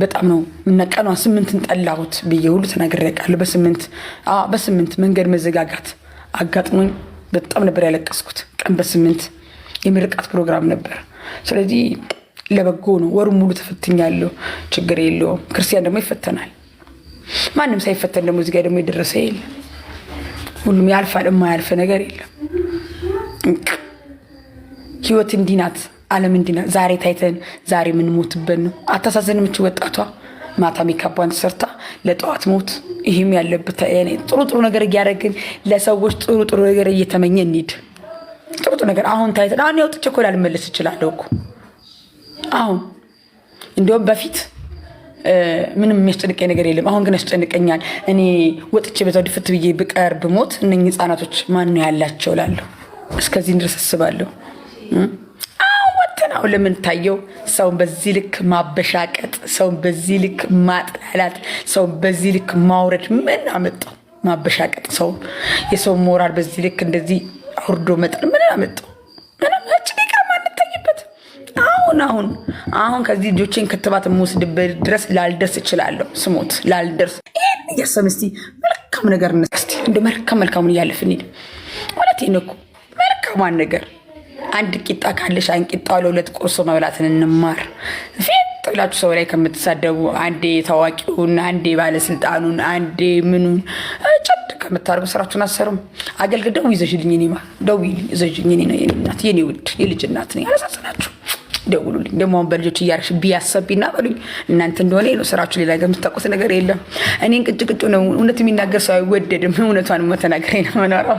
በጣም ነው እና ስምንትን ጠላሁት ብዬ ሁሉ ተናግሬ ያውቃለሁ። በስምንት በስምንት መንገድ መዘጋጋት አጋጥሞኝ በጣም ነበር ያለቀስኩት ቀን በስምንት የምርቃት ፕሮግራም ነበር። ስለዚህ ለበጎ ነው። ወሩ ሙሉ ተፈትኛለሁ። ችግር የለውም። ክርስቲያን ደግሞ ይፈተናል። ማንም ሳይፈተን ደግሞ እዚጋ ደግሞ የደረሰ የለም። ሁሉም ያልፋል። የማያልፈ ነገር የለም። ህይወት እንዲህ ናት። ዓለም እንዲና ዛሬ ታይተን ዛሬ የምንሞትበት ነው። አታሳዝንም? እች ወጣቷ ማታ ሜካቧን ሰርታ ለጠዋት ሞት። ይህም ያለበት ጥሩ ጥሩ ነገር እያደረግን ለሰዎች ጥሩ ጥሩ ነገር እየተመኘ እንሂድ። ጥሩ ጥሩ ነገር አሁን ታይተን አሁን ያውጥቼ እኮ ላልመለስ እችላለሁ እኮ አሁን እንዲሁም በፊት ምንም የሚያስጨንቀኝ ነገር የለም። አሁን ግን ያስጨንቀኛል። እኔ ወጥቼ በዛው ድፍት ብዬ ብቀር ብሞት እነኝህ ህፃናቶች ማን ነው ያላቸው ላለሁ እስከዚህ ድረስ አስባለሁ። አሁን ለምንታየው ሰውን በዚህ ልክ ማበሻቀጥ፣ ሰውን በዚህ ልክ ማጥላላት፣ ሰውን በዚህ ልክ ማውረድ ምን አመጣው? ማበሻቀጥ ሰው የሰው ሞራል በዚህ ልክ እንደዚህ አውርዶ መጠን ምን አመጣው? አሁን አሁን አሁን ከዚህ ልጆችን ክትባት የምወስድበት ድረስ ላልደርስ እችላለሁ። ስሞት ላልደርስ ይህን እያሰብን እስኪ መልካም ነገር እነ እንደ መልካም መልካሙን እያለፍን ሄድ ማለት ይነኩ መልካሟን ነገር አንድ ቂጣ ካለሽ አንድ ቂጣ ለሁለት ቆርሶ መብላትን እንማር። ፊት ብላችሁ ሰው ላይ ከምትሳደቡ አንዴ ታዋቂውን፣ አንዴ ባለስልጣኑን፣ አንዴ ምኑን ጨድ ከምታደርጉ ስራችሁን አሰሩም። አገልግል ደዊ ይዘሽልኝ ኔማ ደው ይዘሽኝ ነው የኔ ውድ የልጅ እናት ነኝ። አላሳዝናችሁ ደውሉልኝ። ደግሞ አሁን በልጆች እያረግሽ ቢያሰብኝና በሉኝ እናንተ እንደሆነ ነው ስራችሁ። ሌላ የምታውቁት ነገር የለም። እኔን ቅጭ ቅጭ ነው እውነት የሚናገር ሰው አይወደድም። እውነቷን መተናገር ነው መኖረው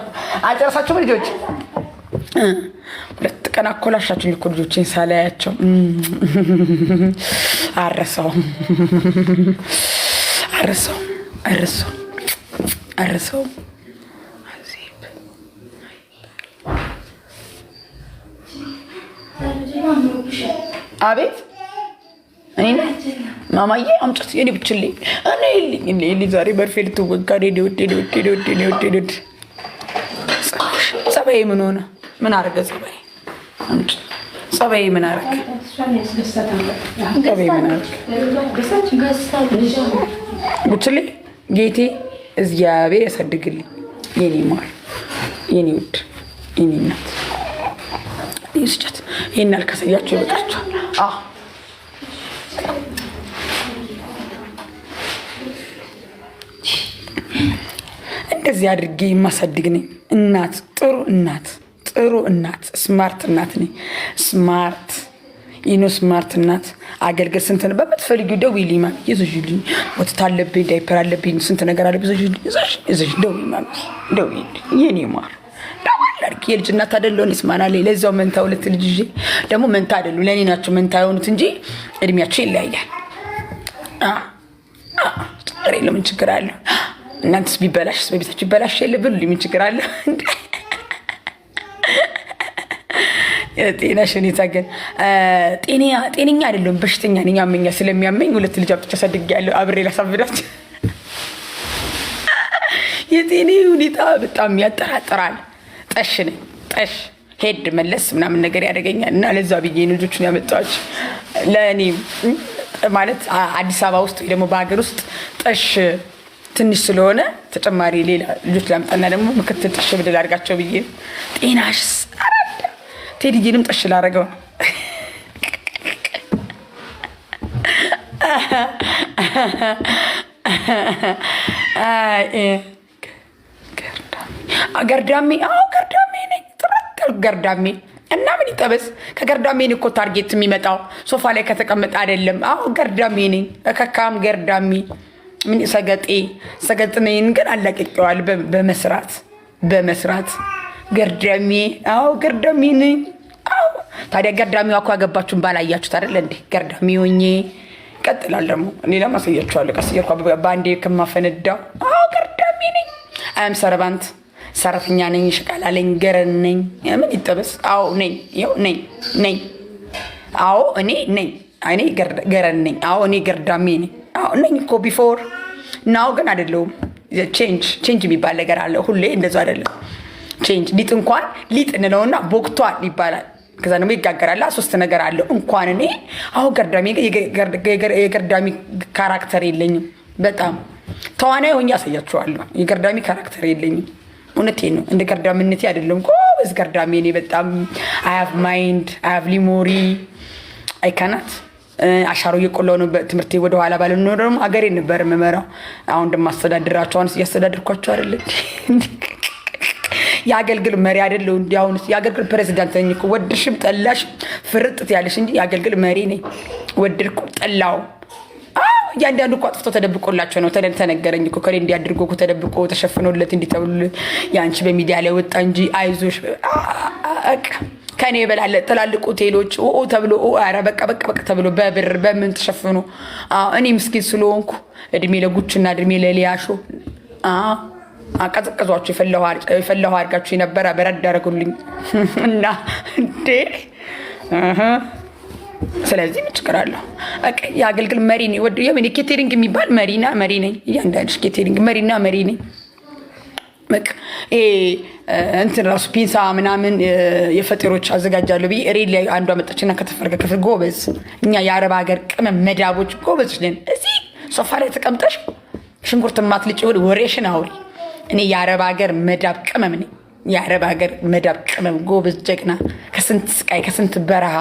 አጨረሳችሁም ልጆች ሁለት ቀን አኮላሻችሁኝ እኮ ልጆቼን ሳላያቸው አረሰው አረሰው አረሰው አረሰው አቤት ማማዬ አምጫት የኔ ብችልኝ እኔ የለኝ የለኝ ዛሬ በርፌ ልትወጋ ዴዴ ወዴ ወዴ ወዴ ወዴ ወዴ ጸባዬ ምን ሆነ? ምን አረገ ጸባይ? ጸባይ ምን አረገ ጸባይ ምን አረግ? ጉችሌ ጌቴ እግዚአብሔር ያሳድግልኝ የኔ ማር የኔ ውድ የኔ እናት ስጨት ይህን ያልከሰያቸው ይበቃቸዋል። እንደዚህ አድርጌ የማሳድግ ነኝ እናት ጥሩ እናት ጥሩ እናት ስማርት እናት ነኝ። ስማርት ይኖ ስማርት እናት አገልግል ስንት ነው በምትፈልጊው ደውዪ ሊማም ይዘሽልኝ ወተት አለብኝ ዳይፐር አለብኝ ስንት ነገር አለብኝ ይዘሽ ደውዪ ማም ደውዪ የኔ ማር ይችላል የልጅ እናት አይደለሁ እኔ ስማናለሁ። ለዛው መንታ ሁለት ልጅ ይዤ ደግሞ መንታ አደሉ ለእኔ ናቸው መንታ የሆኑት እንጂ እድሜያቸው ይለያያል። ችግር የለም ምን ችግር አለ? እናንተስ ቢበላሽ በቤታችሁ ይበላሽ የለ ምን ችግር አለ? ጤናሽ ሁኔታ ግን ጤነኛ አይደለም፣ በሽተኛ ነኝ። አመኛ ስለሚያመኝ ሁለት ልጅ አብቻ አሳድጌያለሁ። አብሬ ላሳብዳቸው። የጤኔ ሁኔታ በጣም ያጠራጥራል። ጠሽ ነኝ፣ ጠሽ ሄድ መለስ ምናምን ነገር ያደገኛል እና ለዛ ብዬ ልጆቹን ያመጣች ለእኔ ማለት አዲስ አበባ ውስጥ ወይ ደግሞ በሀገር ውስጥ ጠሽ ትንሽ ስለሆነ ተጨማሪ ሌላ ልጆች ላምጣና ደግሞ ምክትል ጠሽ ብድል አድርጋቸው ብዬ ጤናሽ ቴዲዬንም ጠሽ ላረገው ነው። ገርዳሜ አዎ ገርዳሜ ነኝ። ጥረት ገርዳሜ እና ምን ይጠበስ? ከገርዳሜ እኮ ታርጌት የሚመጣው ሶፋ ላይ ከተቀመጠ አይደለም። አዎ ገርዳሜ ነኝ። ከካም ገርዳሜ ምን ሰገጤ ሰገጥነይን ግን አላቀቀዋል በመስራት በመስራት ገርዳሜ አዎ ገርዳሜ ነኝ። ታዲያ ገርዳሚዋ እኮ ያገባችሁን ባላያችሁት አይደል እንዴ? ገርዳሚ ሆኜ ይቀጥላል። ደግሞ እኔ ለማሳያችኋለሁ። ቀስ እያልኩ በአንዴ ከማፈነዳ አዎ፣ ገርዳሚ ነኝ። አይም ሰርባንት ሰራተኛ ነኝ፣ ሽቃላለኝ ገረን ነኝ። ምን ይጠበስ? አዎ ነኝ፣ ይኸው ነኝ፣ ነኝ። አዎ እኔ ነኝ፣ እኔ ገረን ነኝ። አዎ እኔ ገርዳሚ ነኝ። አዎ ነኝ እኮ ቢፎር ናው፣ ግን አይደለሁም። ቼንጅ ቼንጅ የሚባል ነገር አለ። ሁሌ እንደዛ አይደለም። ቼንጅ ሊጥ እንኳን ሊጥ እንለውና ቦክቷል ይባላል ከዛ ደግሞ ይጋገራላ ሶስት ነገር አለው። እንኳን እኔ አሁ የገርዳሚ ካራክተር የለኝም። በጣም ተዋናይ ሆኜ አሳያችኋለሁ። የገርዳሚ ካራክተር የለኝም። እውነቴ ነው። እንደ ገርዳምነቴ አይደለም። በዚ ገርዳሚ እኔ በጣም አያፍ ማይንድ አያፍ ሊሞሪ አይካናት አሻሮ እየቆላው ነው። በትምህርት ወደኋላ ባለ ደግሞ ሀገሬ ነበር መመራው አሁን እንደማስተዳድራቸው አሁን እያስተዳድርኳቸው አይደለ የአገልግል መሪ አይደለሁ። እንዲሁን የአገልግል ፕሬዚዳንት ነኝ እኮ ወድሽም ጠላሽ ፍርጥት ያለሽ እንጂ የአገልግል መሪ ነኝ። ወድድኩ ጠላው እያንዳንዱ እኮ አጥፍቶ ተደብቆላቸው ነው። ተነገረኝ እኮ ከሌ እንዲያድርጎ እኮ ተደብቆ ተሸፍኖለት እንዲተብሉልን የአንቺ በሚዲያ ላይ ወጣ እንጂ አይዞሽ ከኔ በላለ ትላልቅ ሆቴሎች ኦ ተብሎ ኧረ በቃ በቃ በቃ ተብሎ በብር በምን ተሸፍኖ እኔ ምስኪን ስለሆንኩ እድሜ ለጉችና እድሜ ለሊያሾ አቀዘቀዟችሁ የፈለሁ አድርጋችሁ የነበረ በረድ ያደረጉልኝ እና እንዴ ስለዚህ ምን ችግር አለው? የአገልግል መሪ ነኝ። ወደ የምን ኬቴሪንግ የሚባል መሪና መሪ ነኝ። እያንዳንድ ኬቴሪንግ መሪና መሪ ነኝ። ይሄ እንትን ራሱ ፒንሳ ምናምን የፈጠሮች አዘጋጃለሁ ብዬ ሬድ ላይ አንዷ መጣችና ከተፈረገ ክፍል ጎበዝ፣ እኛ የአረብ ሀገር ቅመም መዳቦች ጎበዝ ነን። እዚህ ሶፋ ላይ ተቀምጠሽ ሽንኩርት ማትልጭ ወሬሽን አውሪ እኔ የአረብ ሀገር መዳብ ቅመም ነኝ። የአረብ ሀገር መዳብ ቅመም ጎበዝ፣ ጀግና ከስንት ስቃይ ከስንት በረሃ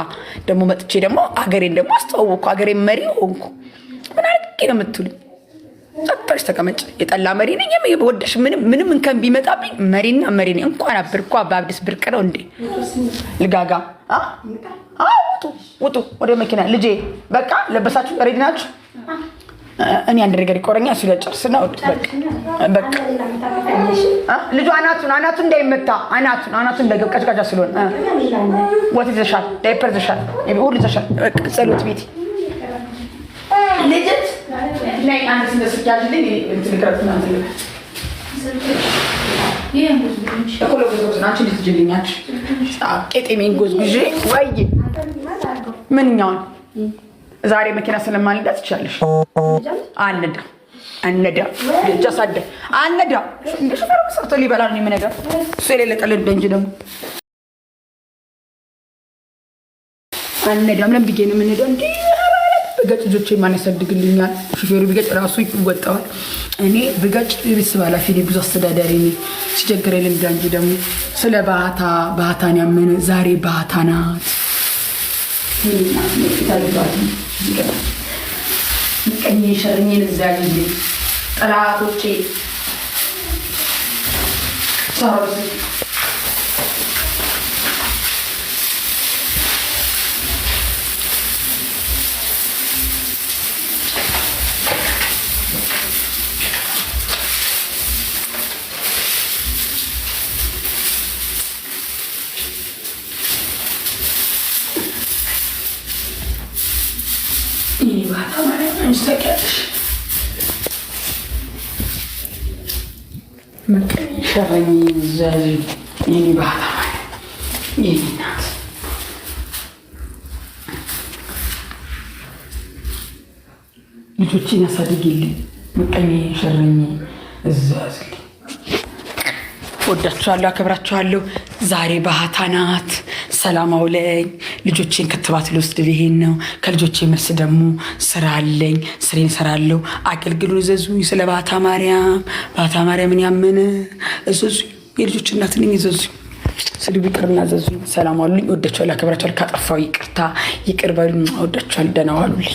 ደግሞ መጥቼ ደግሞ አገሬን ደግሞ አስተዋወቅኩ። አገሬን መሪ ሆንኩ። ምን አድርጌ ነው የምትሉኝ? ጠበሽ ተቀመጭ። የጠላ መሪ ነኝ። ወደሽ ምንም እንከን ቢመጣብኝ መሪና መሪ ነኝ። እንኳን አብርኳ በአብዲስ ብርቅ ነው እንዴ? ልጋጋ ውጡ፣ ውጡ ወደ መኪና ልጄ። በቃ ለበሳችሁ፣ ሬዲ ናችሁ? እኔ አንድ ነገር ይቆረኛል። እሱ ነው። ልጁ አናቱን አናቱን እንዳይመታ አናቱን አናቱን እንዳይገብ ቀጭቃጫ ስለሆነ ወት ይዘሻል፣ ዳይፐር ይዘሻል፣ ሁሉ ይዘሻል። ጸሎት ቤት ቄጤሜን ጎዝጉዤ ወይ ምንኛውን ዛሬ መኪና ስለማልዳ ትችላለሽ። አልነዳ አልነዳ ልጅ አሳደ አልነዳ ሾፌሩ ሰርቶ ሊበላ ነው የምነዳ እሱ የሌለ ቀልድ እንጂ ደግሞ አልነዳም። ለምን ብዬ ነው የምነዳ? እንዲ ብገጭ ልጆቼ ማን ያሳድግልኛል? ሾፌሩ ቢገጭ ራሱ ይወጣዋል። እኔ ብገጭ ቤተሰብ ባላፊ ብዙ አስተዳዳሪ ነኝ። ሲቸግር ልንዳ እንጂ ደግሞ ስለ ባህታ ባህታን ያመነ ዛሬ ባህታ ናት። ምቀኝ ሸርኝን እግዚአብሔር ጠላቶቼ ሰሮች ልጆችን ያሳድግልኝ። ምቀኝ ሸረኝ እዛዝልኝ። ወዳችኋለሁ፣ አከብራችኋለሁ። ዛሬ ባህታ ናት። ሰላም አውለኝ። ልጆቼን ክትባት ልወስድ ልሄድ ነው። ከልጆቼ መልስ ደግሞ ስራ አለኝ፣ ስሬን እሰራለሁ። አገልግሉ ዘዙኝ። ስለ ባታ ማርያም ባታ ማርያምን ያምን እዘዙ። የልጆች እናት ነኝ፣ ዘዙኝ ስሉ ይቅርና ዘዙ። ሰላም አሉኝ። ወዳቸዋል፣ አከብራቸዋል። ካጠፋው ይቅርታ ይቅር በሉኝ። ወዳቸዋል። ደህና ዋሉልኝ።